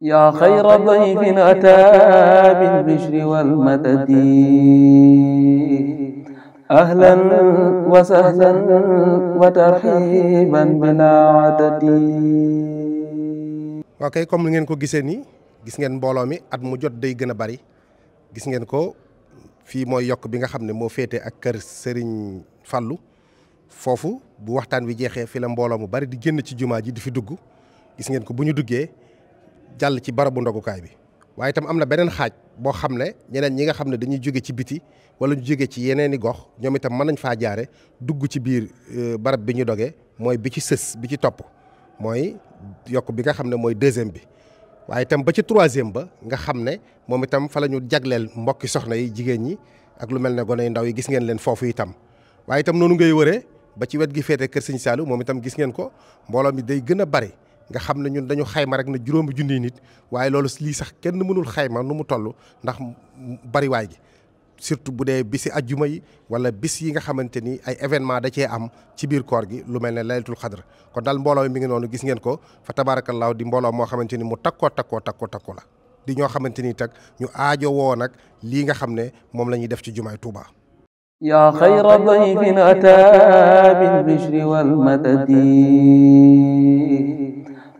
yaa xayra dayfin ataa bil bishri wal madadi ahlan wa sahlan wa tarxiiban bilaa adadi. ok comme ni ngeen ko gisee nii gis ngeen mbooloo mi at mu jot day gën a bari gis ngeen ko fii mooy yokk bi nga xam ne moo féete ak kër sëriñ Fallou foofu bu waxtaan wi jeexee fi la mbooloo mu bari di génn ci jumaa ji di fi dugg gis ngeen ko bu ñu duggee. jàll ci barabu ndogukaay bi waaye tam am na beneen xaaj boo xam ne ñeneen ñi nga xam ne dañuy jóge ci biti wala ñu jóge ci yeneen i gox ñoom itam mën nañ faa jaare dugg ci biir euh, barab bi ñu dogee mooy bi ci sës bi ci topp mooy yokk bi nga xam ne mooy deuxième bi waaye itam ba ci troisième ba nga xam ne moom itam fa la ñu jagleel mbokki soxna yi jigéen ñi ak lu mel ne gone yu ndaw yi gis ngeen leen foofu itam waaye itam noonu ngay wëree ba ci wet gi féete Kër Sëñ Saalu moom itam gis ngeen ko mbooloo mi day gën a bari nga xam ne ñun dañu xayma rek ne juróomi junniy nit waaye loolu lii sax kenn mënul xayma nu mu toll ndax bariwaay gi surtout bu dee bisi ajjuma yi wala bis yi nga xamante ni ay événement da cee am ci biir koor gi lu mel ne laylatul xadr kon daal mbooloo mi ngi noonu gis ngeen ko fa tabaarakallaahu di mbooloo moo xamante ni mu takkoo takkoo takkoo takkoo la di ñoo xamante ni tag ñu aajo woo nag lii nga xam ne moom la ñuy def ci jumaay Tuuba yaa xayra dayfin